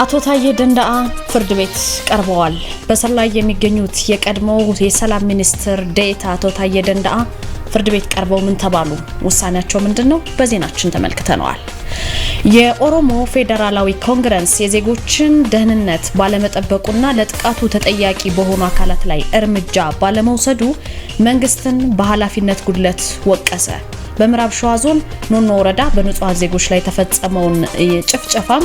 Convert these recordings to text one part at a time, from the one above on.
አቶ ታዬ ደንዳአ ፍርድ ቤት ቀርበዋል። በእስር ላይ የሚገኙት የቀድሞ የሰላም ሚኒስትር ዴኤታ አቶ ታዬ ደንዳአ ፍርድ ቤት ቀርበው ምን ተባሉ? ውሳኔያቸው ምንድን ነው? በዜናችን ተመልክተነዋል። የኦሮሞ ፌዴራላዊ ኮንግረስ የዜጎችን ደህንነት ባለመጠበቁና ለጥቃቱ ተጠያቂ በሆኑ አካላት ላይ እርምጃ ባለመውሰዱ መንግስትን በኃላፊነት ጉድለት ወቀሰ። በምዕራብ ሸዋ ዞን ኖኖ ወረዳ በንጹሐን ዜጎች ላይ የተፈጸመውን ጭፍጨፋም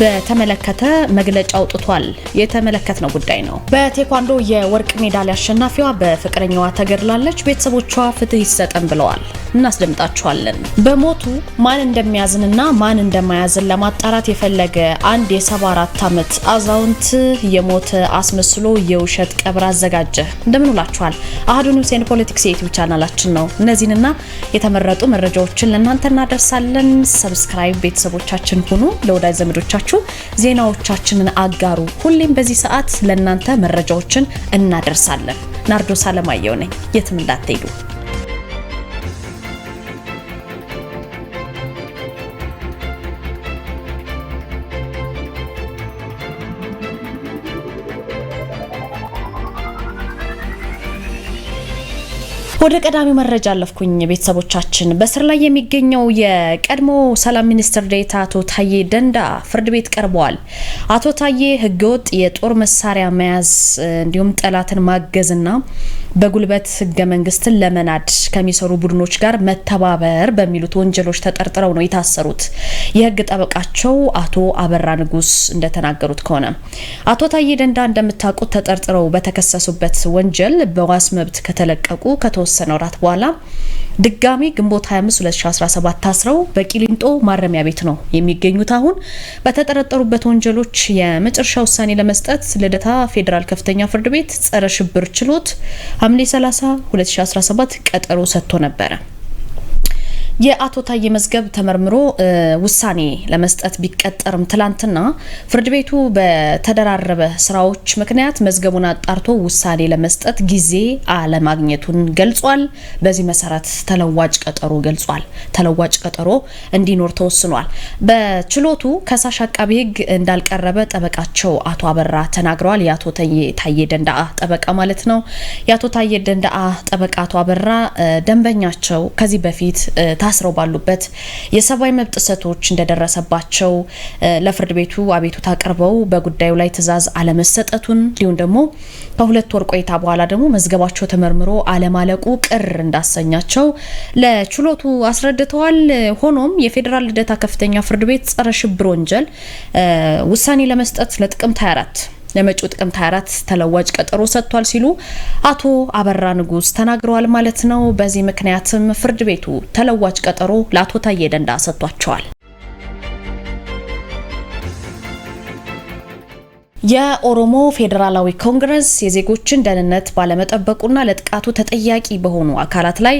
በተመለከተ መግለጫ አውጥቷል። የተመለከትነው ጉዳይ ነው። በቴኳንዶ የወርቅ ሜዳሊያ አሸናፊዋ በፍቅረኛዋ ተገድላለች። ቤተሰቦቿ ፍትህ ይሰጠን ብለዋል። እናስደምጣችኋለን። በሞቱ ማን እንደሚያዝንና ማን እንደማያዝን ለማጣራት የፈለገ አንድ የ74 ዓመት አዛውንት የሞተ አስመስሎ የውሸት ቀብር አዘጋጀ። እንደምንውላችኋል አህዱ ኒውስ ኤንድ ፖለቲክስ የዩቲዩብ ቻናላችን ነው። እነዚህንና የተመረጡ መረጃዎችን ለእናንተ እናደርሳለን። ሰብስክራይብ ቤተሰቦቻችን ሁኑ። ለወዳጅ ዘመዶቻችሁ ዜናዎቻችንን አጋሩ። ሁሌም በዚህ ሰዓት ለእናንተ መረጃዎችን እናደርሳለን። ናርዶስ አለማየሁ ነኝ። የትም እንዳትሄዱ። ወደ ቀዳሚ መረጃ አለፍኩኝ። ቤተሰቦቻችን በስር ላይ የሚገኘው የቀድሞ ሰላም ሚኒስትር ዴታ አቶ ታዬ ደንዳ ፍርድ ቤት ቀርበዋል። አቶ ታዬ ህገወጥ የጦር መሳሪያ መያዝ እንዲሁም ጠላትን ማገዝና በጉልበት ህገ መንግስትን ለመናድ ከሚሰሩ ቡድኖች ጋር መተባበር በሚሉት ወንጀሎች ተጠርጥረው ነው የታሰሩት። የህግ ጠበቃቸው አቶ አበራ ንጉስ እንደተናገሩት ከሆነ አቶ ታዬ ደንዳ እንደምታውቁት ተጠርጥረው በተከሰሱበት ወንጀል በዋስ መብት ከተለቀቁ ከተወሰነ ወራት በኋላ ድጋሜ ግንቦት 25 2017 ታስረው በቂሊንጦ ማረሚያ ቤት ነው የሚገኙት። አሁን በተጠረጠሩበት ወንጀሎች የመጨረሻ ውሳኔ ለመስጠት ልደታ ፌዴራል ከፍተኛ ፍርድ ቤት ጸረ ሽብር ችሎት ሐምሌ 30 2017 ቀጠሮ ሰጥቶ ነበረ። የአቶ ታዬ መዝገብ ተመርምሮ ውሳኔ ለመስጠት ቢቀጠርም ትላንትና ፍርድ ቤቱ በተደራረበ ስራዎች ምክንያት መዝገቡን አጣርቶ ውሳኔ ለመስጠት ጊዜ አለማግኘቱን ገልጿል። በዚህ መሰረት ተለዋጭ ቀጠሮ ገልጿል። ተለዋጭ ቀጠሮ እንዲኖር ተወስኗል። በችሎቱ ከሳሽ አቃቢ ሕግ እንዳልቀረበ ጠበቃቸው አቶ አበራ ተናግረዋል። የአቶ ታዬ ደንዳአ ጠበቃ ማለት ነው። የአቶ ታዬ ደንዳአ ጠበቃ አቶ አበራ ደንበኛቸው ከዚህ በፊት ታስረው ባሉበት የሰብአዊ መብት ጥሰቶች እንደደረሰባቸው ለፍርድ ቤቱ አቤቱታ አቅርበው በጉዳዩ ላይ ትዕዛዝ አለመሰጠቱን እንዲሁም ደግሞ ከሁለት ወር ቆይታ በኋላ ደግሞ መዝገባቸው ተመርምሮ አለማለቁ ቅር እንዳሰኛቸው ለችሎቱ አስረድተዋል። ሆኖም የፌዴራል ልደታ ከፍተኛ ፍርድ ቤት ጸረ ሽብር ወንጀል ውሳኔ ለመስጠት ለጥቅምት 24 ለመጪው ጥቅምት 24 ተለዋጭ ቀጠሮ ሰጥቷል ሲሉ አቶ አበራ ንጉስ ተናግረዋል ማለት ነው። በዚህ ምክንያትም ፍርድ ቤቱ ተለዋጭ ቀጠሮ ለአቶ ታዬ ደንዳ ሰጥቷቸዋል። የኦሮሞ ፌዴራላዊ ኮንግረስ የዜጎችን ደህንነት ባለመጠበቁና ለጥቃቱ ተጠያቂ በሆኑ አካላት ላይ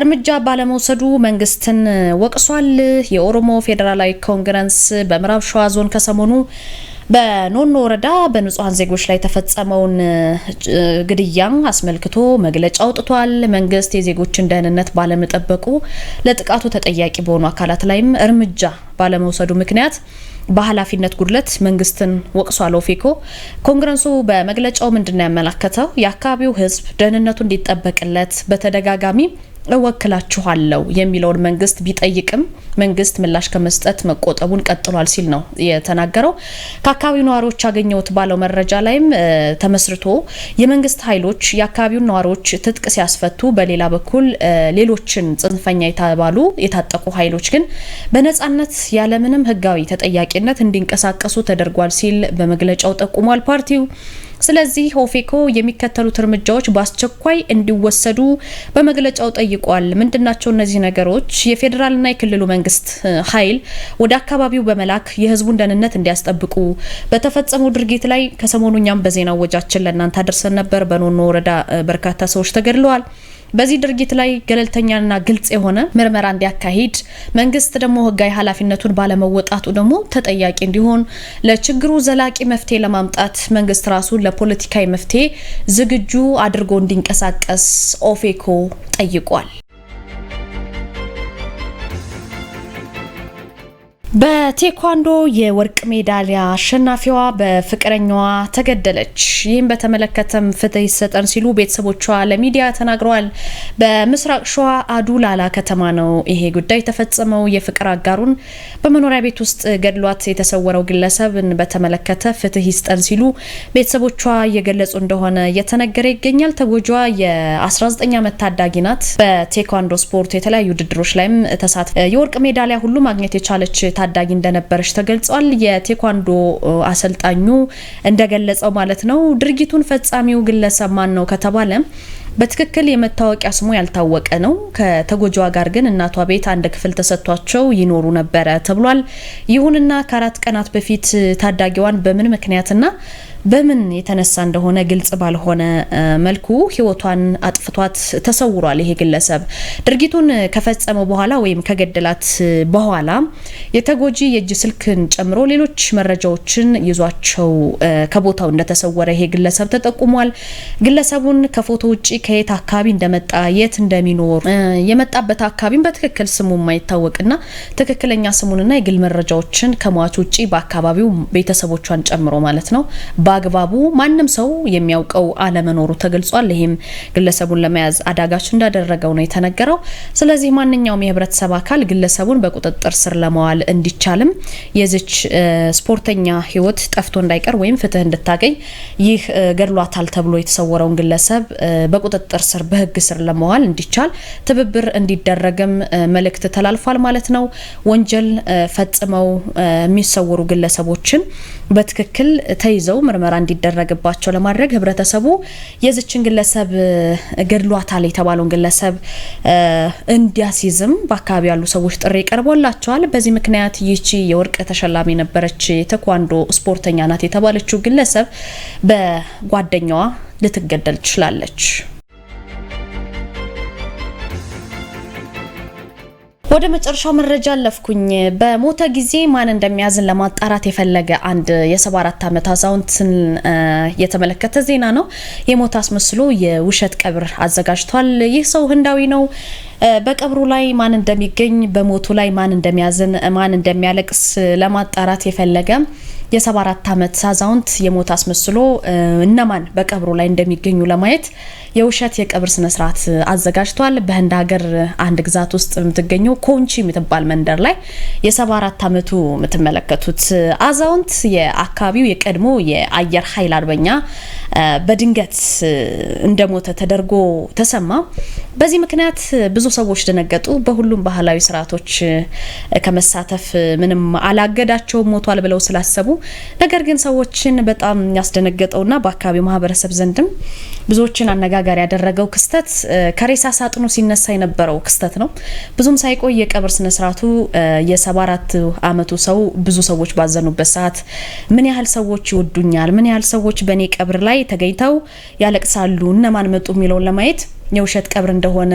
እርምጃ ባለመውሰዱ መንግስትን ወቅሷል። የኦሮሞ ፌዴራላዊ ኮንግረስ በምዕራብ ሸዋ ዞን ከሰሞኑ በኖኖ ወረዳ በንጹሐን ዜጎች ላይ የተፈጸመውን ግድያ አስመልክቶ መግለጫ አውጥቷል። መንግስት የዜጎችን ደህንነት ባለመጠበቁ ለጥቃቱ ተጠያቂ በሆኑ አካላት ላይም እርምጃ ባለመውሰዱ ምክንያት በኃላፊነት ጉድለት መንግስትን ወቅሷል። ኦፌኮ ኮንግረሱ በመግለጫው ምንድን ነው ያመላከተው? የአካባቢው ህዝብ ደህንነቱ እንዲጠበቅለት በተደጋጋሚ እወክላችኋለሁ የሚለውን መንግስት ቢጠይቅም መንግስት ምላሽ ከመስጠት መቆጠቡን ቀጥሏል ሲል ነው የተናገረው። ከአካባቢው ነዋሪዎች ያገኘሁት ባለው መረጃ ላይም ተመስርቶ የመንግስት ኃይሎች የአካባቢውን ነዋሪዎች ትጥቅ ሲያስፈቱ፣ በሌላ በኩል ሌሎችን ጽንፈኛ የተባሉ የታጠቁ ኃይሎች ግን በነጻነት ያለምንም ህጋዊ ተጠያቂነት እንዲንቀሳቀሱ ተደርጓል ሲል በመግለጫው ጠቁሟል ፓርቲው ስለዚህ ኦፌኮ የሚከተሉት እርምጃዎች በአስቸኳይ እንዲወሰዱ በመግለጫው ጠይቋል። ምንድናቸው እነዚህ ነገሮች? የፌዴራልና የክልሉ መንግስት ኃይል ወደ አካባቢው በመላክ የህዝቡን ደህንነት እንዲያስጠብቁ፣ በተፈጸመው ድርጊት ላይ ከሰሞኑ እኛም በዜና ወጃችን ለእናንተ አድርሰን ነበር። በኖኖ ወረዳ በርካታ ሰዎች ተገድለዋል። በዚህ ድርጊት ላይ ገለልተኛና ግልጽ የሆነ ምርመራ እንዲያካሂድ መንግስት ደግሞ ህጋዊ ኃላፊነቱን ባለመወጣቱ ደግሞ ተጠያቂ እንዲሆን ለችግሩ ዘላቂ መፍትሄ ለማምጣት መንግስት ራሱን ለፖለቲካዊ መፍትሄ ዝግጁ አድርጎ እንዲንቀሳቀስ ኦፌኮ ጠይቋል። በቴኳንዶ የወርቅ ሜዳሊያ አሸናፊዋ በፍቅረኛዋ ተገደለች። ይህም በተመለከተም ፍትህ ይሰጠን ሲሉ ቤተሰቦቿ ለሚዲያ ተናግረዋል። በምስራቅ ሸዋ አዱላላ ከተማ ነው ይሄ ጉዳይ የተፈጸመው። የፍቅር አጋሩን በመኖሪያ ቤት ውስጥ ገድሏት የተሰወረው ግለሰብን በተመለከተ ፍትህ ይስጠን ሲሉ ቤተሰቦቿ እየገለጹ እንደሆነ እየተነገረ ይገኛል። ተጎጇ የ19 ዓመት ታዳጊ ናት። በቴኳንዶ ስፖርት የተለያዩ ውድድሮች ላይም ተሳትፋ የወርቅ ሜዳሊያ ሁሉ ማግኘት የቻለች ታዳጊ እንደነበረች ተገልጿል። የቴኳንዶ አሰልጣኙ እንደገለጸው ማለት ነው። ድርጊቱን ፈጻሚው ግለሰብ ማን ነው ከተባለ በትክክል የመታወቂያ ስሙ ያልታወቀ ነው። ከተጎጂዋ ጋር ግን እናቷ ቤት አንድ ክፍል ተሰጥቷቸው ይኖሩ ነበረ ተብሏል። ይሁንና ከአራት ቀናት በፊት ታዳጊዋን በምን ምክንያትና በምን የተነሳ እንደሆነ ግልጽ ባልሆነ መልኩ ህይወቷን አጥፍቷት ተሰውሯል። ይሄ ግለሰብ ድርጊቱን ከፈጸመው በኋላ ወይም ከገደላት በኋላ የተጎጂ የእጅ ስልክን ጨምሮ ሌሎች መረጃዎችን ይዟቸው ከቦታው እንደተሰወረ ይሄ ግለሰብ ተጠቁሟል። ግለሰቡን ከፎቶ ውጭ ከየት አካባቢ እንደመጣ የት እንደሚኖር የመጣበት አካባቢም በትክክል ስሙ የማይታወቅና ትክክለኛ ስሙንና የግል መረጃዎችን ከሟች ውጭ በአካባቢው ቤተሰቦቿን ጨምሮ ማለት ነው በአግባቡ ማንም ሰው የሚያውቀው አለመኖሩ ተገልጿል። ይህም ግለሰቡን ለመያዝ አዳጋች እንዳደረገው ነው የተነገረው። ስለዚህ ማንኛውም የህብረተሰብ አካል ግለሰቡን በቁጥጥር ስር ለመዋል እንዲቻልም የዚች ስፖርተኛ ህይወት ጠፍቶ እንዳይቀር ወይም ፍትህ እንድታገኝ ይህ ገድሏታል ተብሎ የተሰወረውን ግለሰብ በቁጥጥር ስር በህግ ስር ለመዋል እንዲቻል ትብብር እንዲደረግም መልእክት ተላልፏል ማለት ነው። ወንጀል ፈጽመው የሚሰወሩ ግለሰቦችን በትክክል ተይዘው ምርመራ እንዲደረግባቸው ለማድረግ ህብረተሰቡ የዝችን ግለሰብ ገድሏታል የተባለውን ግለሰብ እንዲያስይዝም በአካባቢ ያሉ ሰዎች ጥሪ ቀርቦላቸዋል። በዚህ ምክንያት ይቺ የወርቅ ተሸላሚ የነበረች ተኳንዶ ስፖርተኛ ናት የተባለችው ግለሰብ በጓደኛዋ ልትገደል ትችላለች። ወደ መጨረሻው መረጃ አለፍኩኝ። በሞተ ጊዜ ማን እንደሚያዝን ለማጣራት የፈለገ አንድ የ74 ዓመት አዛውንትን የተመለከተ ዜና ነው። የሞተ አስመስሎ የውሸት ቀብር አዘጋጅቷል። ይህ ሰው ህንዳዊ ነው። በቀብሩ ላይ ማን እንደሚገኝ፣ በሞቱ ላይ ማን እንደሚያዝን፣ ማን እንደሚያለቅስ ለማጣራት የፈለገ የ74 ዓመት አዛውንት የሞት አስመስሎ እነማን በቀብሩ ላይ እንደሚገኙ ለማየት የውሸት የቀብር ስነስርዓት አዘጋጅቷል። በህንድ ሀገር አንድ ግዛት ውስጥ የምትገኘው ኮንቺ የምትባል መንደር ላይ የ74 ዓመቱ የምትመለከቱት አዛውንት የአካባቢው የቀድሞ የአየር ኃይል አርበኛ በድንገት እንደሞተ ተደርጎ ተሰማ። በዚህ ምክንያት ብዙ ሰዎች ደነገጡ። በሁሉም ባህላዊ ስርዓቶች ከመሳተፍ ምንም አላገዳቸውም ሞቷል ብለው ስላሰቡ ነገር ግን ሰዎችን በጣም ያስደነገጠውና በአካባቢው ማህበረሰብ ዘንድም ብዙዎችን አነጋጋሪ ያደረገው ክስተት ከሬሳ ሳጥኑ ሲነሳ የነበረው ክስተት ነው። ብዙም ሳይቆይ የቀብር ስነስርዓቱ የ74 አመቱ ሰው ብዙ ሰዎች ባዘኑበት ሰዓት ምን ያህል ሰዎች ይወዱኛል፣ ምን ያህል ሰዎች በእኔ ቀብር ላይ ተገኝተው ያለቅሳሉ፣ እነማን መጡ የሚለውን ለማየት የውሸት ቀብር እንደሆነ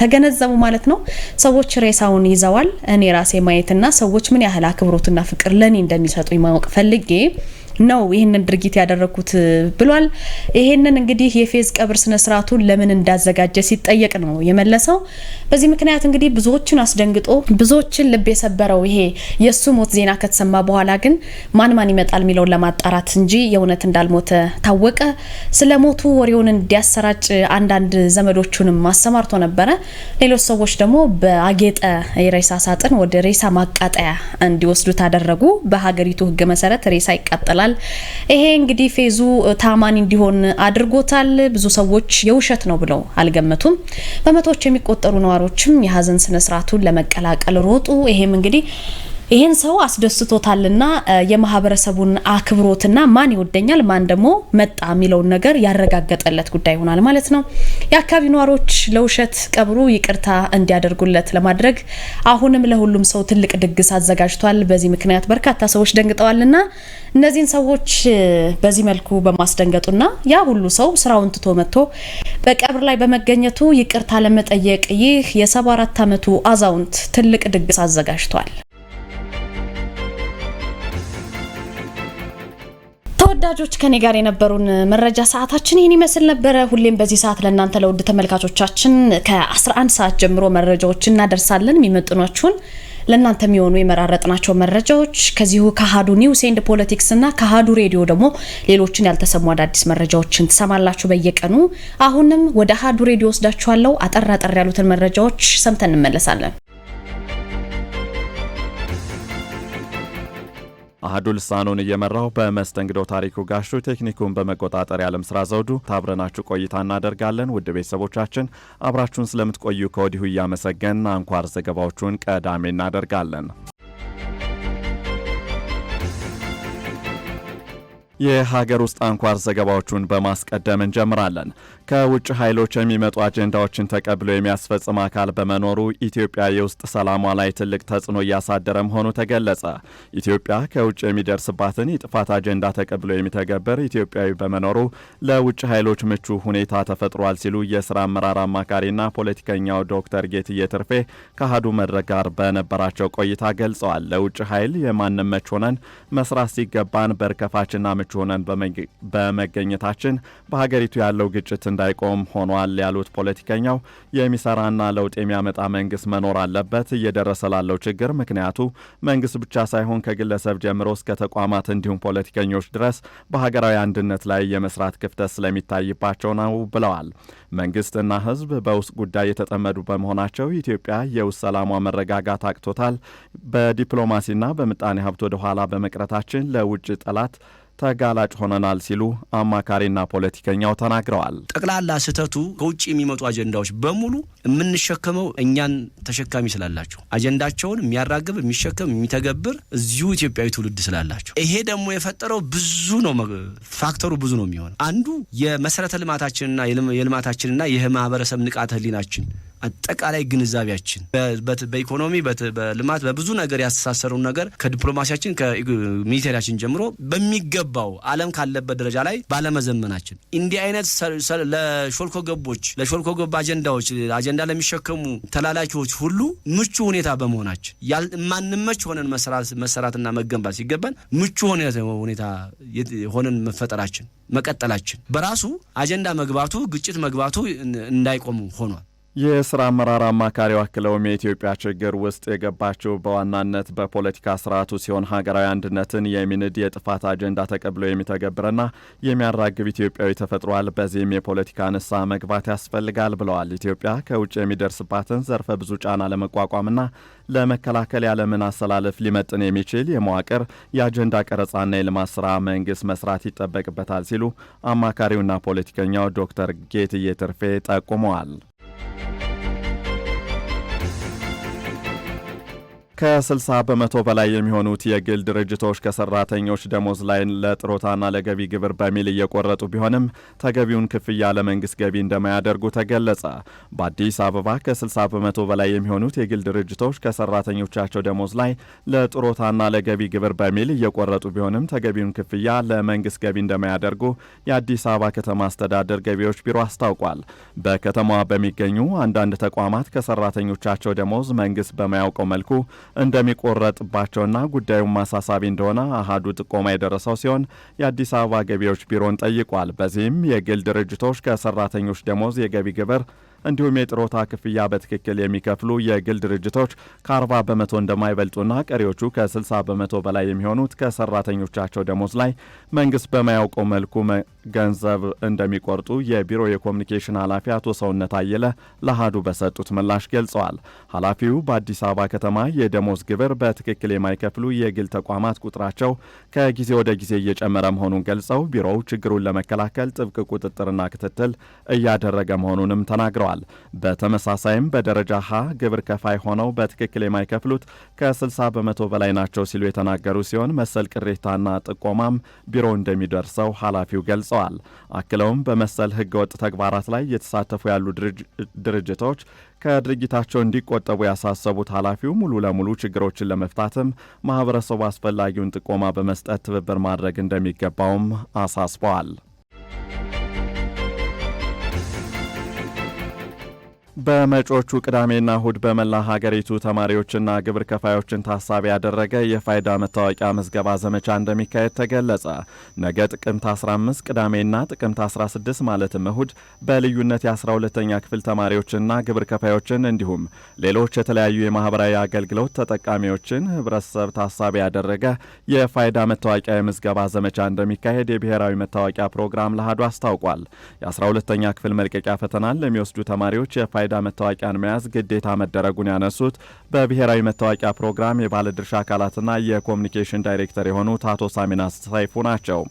ተገነዘቡ ማለት ነው። ሰዎች ሬሳውን ይዘዋል። እኔ ራሴ ማየትና ሰዎች ምን ያህል አክብሮትና ፍቅር ለእኔ እንደሚሰጡ ማወቅ ፈልጌ ነው ይህንን ድርጊት ያደረኩት ብሏል። ይሄንን እንግዲህ የፌዝ ቀብር ስነስርዓቱን ለምን እንዳዘጋጀ ሲጠየቅ ነው የመለሰው። በዚህ ምክንያት እንግዲህ ብዙዎችን አስደንግጦ ብዙዎችን ልብ የሰበረው ይሄ የእሱ ሞት ዜና ከተሰማ በኋላ ግን ማን ማን ይመጣል የሚለውን ለማጣራት እንጂ የእውነት እንዳልሞተ ታወቀ። ስለ ሞቱ ወሬውን እንዲያሰራጭ አንዳንድ ዘመዶቹንም አሰማርቶ ነበረ። ሌሎች ሰዎች ደግሞ በአጌጠ የሬሳ ሳጥን ወደ ሬሳ ማቃጠያ እንዲወስዱ ታደረጉ። በሀገሪቱ ህገ መሰረት ሬሳ ይቃጠላል ይላል። ይሄ እንግዲህ ፌዙ ታማኝ እንዲሆን አድርጎታል። ብዙ ሰዎች የውሸት ነው ብለው አልገመቱም። በመቶዎች የሚቆጠሩ ነዋሪዎችም የሀዘን ስነስርዓቱን ለመቀላቀል ሮጡ። ይሄም እንግዲህ ይህን ሰው አስደስቶታልና የማህበረሰቡን አክብሮትና ማን ይወደኛል ማን ደግሞ መጣ የሚለውን ነገር ያረጋገጠለት ጉዳይ ይሆናል ማለት ነው። የአካባቢ ነዋሪዎች ለውሸት ቀብሩ ይቅርታ እንዲያደርጉለት ለማድረግ አሁንም ለሁሉም ሰው ትልቅ ድግስ አዘጋጅቷል። በዚህ ምክንያት በርካታ ሰዎች ደንግጠዋልና እነዚህን ሰዎች በዚህ መልኩ በማስደንገጡና ያ ሁሉ ሰው ስራውን ትቶ መጥቶ በቀብር ላይ በመገኘቱ ይቅርታ ለመጠየቅ ይህ የሰባ አራት ዓመቱ አዛውንት ትልቅ ድግስ አዘጋጅቷል። ተወዳጆች ከኔ ጋር የነበሩን መረጃ ሰዓታችን ይህን ይመስል ነበረ። ሁሌም በዚህ ሰዓት ለእናንተ ለውድ ተመልካቾቻችን ከ11 ሰዓት ጀምሮ መረጃዎች እናደርሳለን። የሚመጥኗችሁን ለእናንተ የሚሆኑ የመራረጥናቸው መረጃዎች ከዚሁ ከአሀዱ ኒውስ ኤንድ ፖለቲክስ እና ከአሀዱ ሬዲዮ ደግሞ ሌሎችን ያልተሰሙ አዳዲስ መረጃዎችን ትሰማላችሁ በየቀኑ። አሁንም ወደ አሀዱ ሬዲዮ ወስዳችኋለሁ። አጠር አጠር ያሉትን መረጃዎች ሰምተን እንመለሳለን። አህዱ ልሳኑን እየመራው በመስተንግዶ ታሪኩ ጋሹ፣ ቴክኒኩን በመቆጣጠር የዓለም ስራ ዘውዱ ታብረናችሁ ቆይታ እናደርጋለን። ውድ ቤተሰቦቻችን አብራችሁን ስለምትቆዩ ከወዲሁ እያመሰገን አንኳር ዘገባዎቹን ቀዳሜ እናደርጋለን። የሀገር ውስጥ አንኳር ዘገባዎቹን በማስቀደም እንጀምራለን። ከውጭ ኃይሎች የሚመጡ አጀንዳዎችን ተቀብሎ የሚያስፈጽም አካል በመኖሩ ኢትዮጵያ የውስጥ ሰላሟ ላይ ትልቅ ተጽዕኖ እያሳደረ መሆኑ ተገለጸ። ኢትዮጵያ ከውጭ የሚደርስባትን የጥፋት አጀንዳ ተቀብሎ የሚተገበር ኢትዮጵያዊ በመኖሩ ለውጭ ኃይሎች ምቹ ሁኔታ ተፈጥሯል ሲሉ የስራ አመራር አማካሪና ፖለቲከኛው ዶክተር ጌትዬ ትርፌ ከአሀዱ መድረክ ጋር በነበራቸው ቆይታ ገልጸዋል። ለውጭ ኃይል የማንም መች ሆነን መስራት ሲገባን በርከፋችንና ምቹ ሆነን በመገኘታችን በሀገሪቱ ያለው ግጭትን እንዳይቆም ሆኗል ያሉት ፖለቲከኛው የሚሰራና ለውጥ የሚያመጣ መንግስት መኖር አለበት። እየደረሰ ላለው ችግር ምክንያቱ መንግስት ብቻ ሳይሆን ከግለሰብ ጀምሮ እስከ ተቋማት እንዲሁም ፖለቲከኞች ድረስ በሀገራዊ አንድነት ላይ የመስራት ክፍተት ስለሚታይባቸው ነው ብለዋል። መንግስትና ህዝብ በውስጥ ጉዳይ የተጠመዱ በመሆናቸው ኢትዮጵያ የውስጥ ሰላሟ መረጋጋት አቅቶታል። በዲፕሎማሲና በምጣኔ ሀብት ወደ ኋላ በመቅረታችን ለውጭ ጠላት ተጋላጭ ሆነናል ሲሉ አማካሪና ፖለቲከኛው ተናግረዋል። ጠቅላላ ስህተቱ ከውጭ የሚመጡ አጀንዳዎች በሙሉ የምንሸከመው እኛን ተሸካሚ ስላላቸው አጀንዳቸውን የሚያራግብ የሚሸከም የሚተገብር እዚሁ ኢትዮጵያዊ ትውልድ ስላላቸው ይሄ ደግሞ የፈጠረው ብዙ ነው። ፋክተሩ ብዙ ነው የሚሆነው አንዱ የመሰረተ ልማታችንና የልማታችንና የማህበረሰብ ንቃተ ህሊናችን አጠቃላይ ግንዛቤያችን በኢኮኖሚ በልማት በብዙ ነገር ያስተሳሰሩን ነገር ከዲፕሎማሲያችን ከሚሊቴሪያችን ጀምሮ በሚገባው አለም ካለበት ደረጃ ላይ ባለመዘመናችን እንዲህ አይነት ለሾልኮ ገቦች ለሾልኮ ገብ አጀንዳዎች አጀንዳ ለሚሸከሙ ተላላኪዎች ሁሉ ምቹ ሁኔታ በመሆናችን ማንመች ሆነን መሰራትና መገንባት ሲገባን ምቹ ሁኔታ ሆነን መፈጠራችን መቀጠላችን በራሱ አጀንዳ መግባቱ ግጭት መግባቱ እንዳይቆም ሆኗል። የስራ አመራር አማካሪው አክለውም የኢትዮጵያ ችግር ውስጥ የገባችው በዋናነት በፖለቲካ ስርዓቱ ሲሆን ሀገራዊ አንድነትን የሚንድ የጥፋት አጀንዳ ተቀብሎ የሚተገብርና የሚያራግብ ኢትዮጵያዊ ተፈጥሯል። በዚህም የፖለቲካ ንስሐ መግባት ያስፈልጋል ብለዋል። ኢትዮጵያ ከውጭ የሚደርስባትን ዘርፈ ብዙ ጫና ለመቋቋምና ለመከላከል ያለምን አሰላለፍ ሊመጥን የሚችል የመዋቅር የአጀንዳ ቀረጻና የልማት ስራ መንግስት መስራት ይጠበቅበታል ሲሉ አማካሪውና ፖለቲከኛው ዶክተር ጌትዬ ትርፌ ጠቁመዋል። thank you ከ60 በመቶ በላይ የሚሆኑት የግል ድርጅቶች ከሰራተኞች ደሞዝ ላይ ለጥሮታና ለገቢ ግብር በሚል እየቆረጡ ቢሆንም ተገቢውን ክፍያ ለመንግስት ገቢ እንደማያደርጉ ተገለጸ። በአዲስ አበባ ከ60 በመቶ በላይ የሚሆኑት የግል ድርጅቶች ከሰራተኞቻቸው ደሞዝ ላይ ለጥሮታና ለገቢ ግብር በሚል እየቆረጡ ቢሆንም ተገቢውን ክፍያ ለመንግስት ገቢ እንደማያደርጉ የአዲስ አበባ ከተማ አስተዳደር ገቢዎች ቢሮ አስታውቋል። በከተማዋ በሚገኙ አንዳንድ ተቋማት ከሰራተኞቻቸው ደሞዝ መንግስት በማያውቀው መልኩ እንደሚቆረጥባቸውና ጉዳዩን ማሳሳቢ እንደሆነ አሃዱ ጥቆማ የደረሰው ሲሆን የአዲስ አበባ ገቢዎች ቢሮን ጠይቋል። በዚህም የግል ድርጅቶች ከሰራተኞች ደሞዝ፣ የገቢ ግብር እንዲሁም የጥሮታ ክፍያ በትክክል የሚከፍሉ የግል ድርጅቶች ከ40 በመቶ እንደማይበልጡና ቀሪዎቹ ከ60 በመቶ በላይ የሚሆኑት ከሰራተኞቻቸው ደሞዝ ላይ መንግስት በማያውቀው መልኩ ገንዘብ እንደሚቆርጡ የቢሮ የኮሚኒኬሽን ኃላፊ አቶ ሰውነት አየለ ለሃዱ በሰጡት ምላሽ ገልጸዋል። ኃላፊው በአዲስ አበባ ከተማ የደሞዝ ግብር በትክክል የማይከፍሉ የግል ተቋማት ቁጥራቸው ከጊዜ ወደ ጊዜ እየጨመረ መሆኑን ገልጸው ቢሮው ችግሩን ለመከላከል ጥብቅ ቁጥጥርና ክትትል እያደረገ መሆኑንም ተናግረዋል። በተመሳሳይም በደረጃ ሀ ግብር ከፋይ ሆነው በትክክል የማይከፍሉት ከ60 በመቶ በላይ ናቸው ሲሉ የተናገሩ ሲሆን መሰል ቅሬታና ጥቆማም ቢሮው እንደሚደርሰው ኃላፊው ገልጸዋል። ገልጸዋል። አክለውም በመሰል ህገወጥ ተግባራት ላይ እየተሳተፉ ያሉ ድርጅቶች ከድርጊታቸው እንዲቆጠቡ ያሳሰቡት ኃላፊው ሙሉ ለሙሉ ችግሮችን ለመፍታትም ማህበረሰቡ አስፈላጊውን ጥቆማ በመስጠት ትብብር ማድረግ እንደሚገባውም አሳስበዋል። በመጪዎቹ ቅዳሜና እሁድ በመላ ሀገሪቱ ተማሪዎችና ግብር ከፋዮችን ታሳቢ ያደረገ የፋይዳ መታወቂያ ምዝገባ ዘመቻ እንደሚካሄድ ተገለጸ። ነገ ጥቅምት 15 ቅዳሜና ጥቅምት 16 ማለትም እሁድ በልዩነት የ12ተኛ ክፍል ተማሪዎችና ግብር ከፋዮችን እንዲሁም ሌሎች የተለያዩ የማህበራዊ አገልግሎት ተጠቃሚዎችን ህብረተሰብ ታሳቢ ያደረገ የፋይዳ መታወቂያ የምዝገባ ዘመቻ እንደሚካሄድ የብሔራዊ መታወቂያ ፕሮግራም ለአሀዱ አስታውቋል። የ12ተኛ ክፍል መልቀቂያ ፈተናን ለሚወስዱ ተማሪዎች የፋይዳ የፋይዳ መታወቂያን መያዝ ግዴታ መደረጉን ያነሱት በብሔራዊ መታወቂያ ፕሮግራም የባለድርሻ አካላትና የኮሚኒኬሽን ዳይሬክተር የሆኑት አቶ ሳሚና ሰይፉ ናቸው።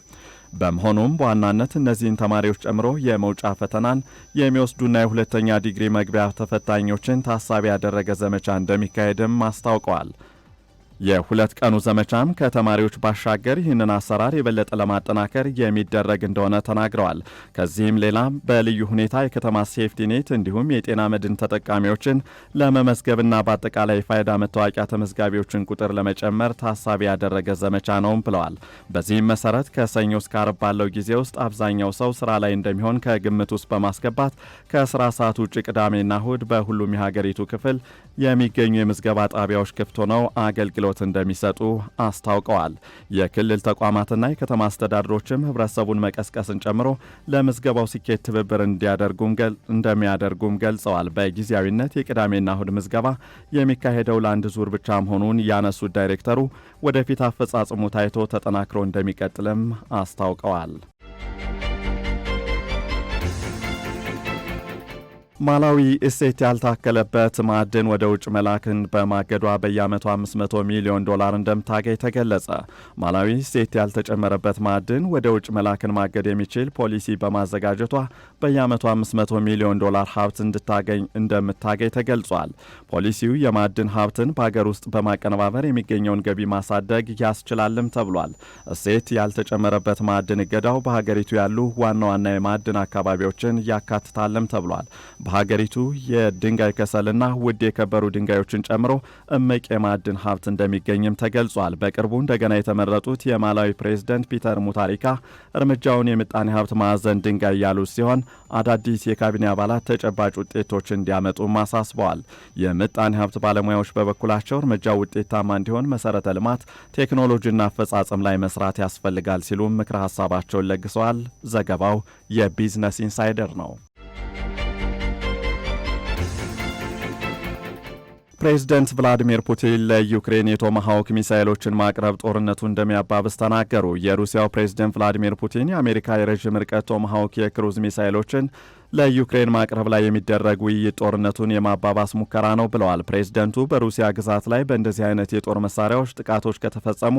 በመሆኑም በዋናነት እነዚህን ተማሪዎች ጨምሮ የመውጫ ፈተናን የሚወስዱና የሁለተኛ ዲግሪ መግቢያ ተፈታኞችን ታሳቢ ያደረገ ዘመቻ እንደሚካሄድም አስታውቀዋል። የሁለት ቀኑ ዘመቻም ከተማሪዎች ባሻገር ይህንን አሰራር የበለጠ ለማጠናከር የሚደረግ እንደሆነ ተናግረዋል። ከዚህም ሌላም በልዩ ሁኔታ የከተማ ሴፍቲኔት እንዲሁም የጤና መድን ተጠቃሚዎችን ለመመዝገብና በአጠቃላይ የፋይዳ መታወቂያ ተመዝጋቢዎችን ቁጥር ለመጨመር ታሳቢ ያደረገ ዘመቻ ነውም ብለዋል። በዚህም መሰረት ከሰኞ እስከ አርብ ባለው ጊዜ ውስጥ አብዛኛው ሰው ስራ ላይ እንደሚሆን ከግምት ውስጥ በማስገባት ከስራ ሰዓት ውጭ ቅዳሜና እሁድ በሁሉም የሀገሪቱ ክፍል የሚገኙ የምዝገባ ጣቢያዎች ክፍት ሆነው አገልግሎ አገልግሎት እንደሚሰጡ አስታውቀዋል። የክልል ተቋማትና የከተማ አስተዳደሮችም ህብረተሰቡን መቀስቀስን ጨምሮ ለምዝገባው ስኬት ትብብር እንደሚያደርጉም ገልጸዋል። በጊዜያዊነት የቅዳሜና እሁድ ምዝገባ የሚካሄደው ለአንድ ዙር ብቻ መሆኑን ያነሱት ዳይሬክተሩ ወደፊት አፈጻጽሙ ታይቶ ተጠናክሮ እንደሚቀጥልም አስታውቀዋል። ማላዊ እሴት ያልታከለበት ማዕድን ወደ ውጭ መላክን በማገዷ በየዓመቱ 500 ሚሊዮን ዶላር እንደምታገኝ ተገለጸ። ማላዊ እሴት ያልተጨመረበት ማዕድን ወደ ውጭ መላክን ማገድ የሚችል ፖሊሲ በማዘጋጀቷ በየዓመቱ 500 ሚሊዮን ዶላር ሀብት እንድታገኝ እንደምታገኝ ተገልጿል። ፖሊሲው የማዕድን ሀብትን በሀገር ውስጥ በማቀነባበር የሚገኘውን ገቢ ማሳደግ ያስችላልም ተብሏል። እሴት ያልተጨመረበት ማዕድን እገዳው በሀገሪቱ ያሉ ዋና ዋና የማዕድን አካባቢዎችን ያካትታልም ተብሏል። በሀገሪቱ የድንጋይ ከሰልና ውድ የከበሩ ድንጋዮችን ጨምሮ እምቅ የማዕድን ሀብት እንደሚገኝም ተገልጿል። በቅርቡ እንደገና የተመረጡት የማላዊ ፕሬዝደንት ፒተር ሙታሪካ እርምጃውን የምጣኔ ሀብት ማዕዘን ድንጋይ ያሉ ሲሆን አዳዲስ የካቢኔ አባላት ተጨባጭ ውጤቶች እንዲያመጡም አሳስበዋል። የምጣኔ ሀብት ባለሙያዎች በበኩላቸው እርምጃው ውጤታማ እንዲሆን መሰረተ ልማት፣ ቴክኖሎጂና አፈጻጸም ላይ መስራት ያስፈልጋል ሲሉም ምክረ ሀሳባቸውን ለግሰዋል። ዘገባው የቢዝነስ ኢንሳይደር ነው። ፕሬዚደንት ቭላዲሚር ፑቲን ለዩክሬን የቶማሃውክ ሚሳይሎችን ማቅረብ ጦርነቱ እንደሚያባብስ ተናገሩ። የሩሲያው ፕሬዚደንት ቭላዲሚር ፑቲን የአሜሪካ የረዥም ርቀት ቶማሃውክ የክሩዝ ሚሳይሎችን ለዩክሬን ማቅረብ ላይ የሚደረግ ውይይት ጦርነቱን የማባባስ ሙከራ ነው ብለዋል። ፕሬዚደንቱ። በሩሲያ ግዛት ላይ በእንደዚህ አይነት የጦር መሳሪያዎች ጥቃቶች ከተፈጸሙ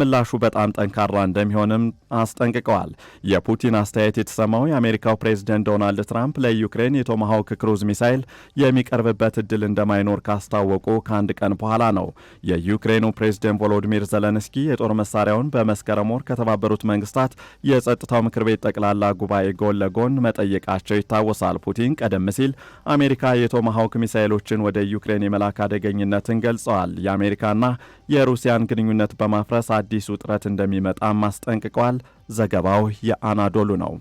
ምላሹ በጣም ጠንካራ እንደሚሆንም አስጠንቅቀዋል። የፑቲን አስተያየት የተሰማው የአሜሪካው ፕሬዝደንት ዶናልድ ትራምፕ ለዩክሬን የቶማሃውክ ክሩዝ ሚሳይል የሚቀርብበት እድል እንደማይኖር ካስታወቁ ከአንድ ቀን በኋላ ነው። የዩክሬኑ ፕሬዝደንት ቮሎዲሚር ዘለንስኪ የጦር መሳሪያውን በመስከረም ወር ከተባበሩት መንግስታት የጸጥታው ምክር ቤት ጠቅላላ ጉባኤ ጎን ለጎን መጠየቃቸው ይታል ይታወሳል። ፑቲን ቀደም ሲል አሜሪካ የቶማሃውክ ሚሳይሎችን ወደ ዩክሬን የመላክ አደገኝነትን ገልጸዋል። የአሜሪካና የሩሲያን ግንኙነት በማፍረስ አዲስ ውጥረት እንደሚመጣም አስጠንቅቀዋል። ዘገባው የአናዶሉ ነው።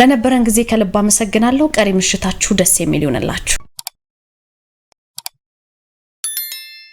ለነበረን ጊዜ ከልብ አመሰግናለሁ። ቀሪ ምሽታችሁ ደስ የሚል ይሆንላችሁ።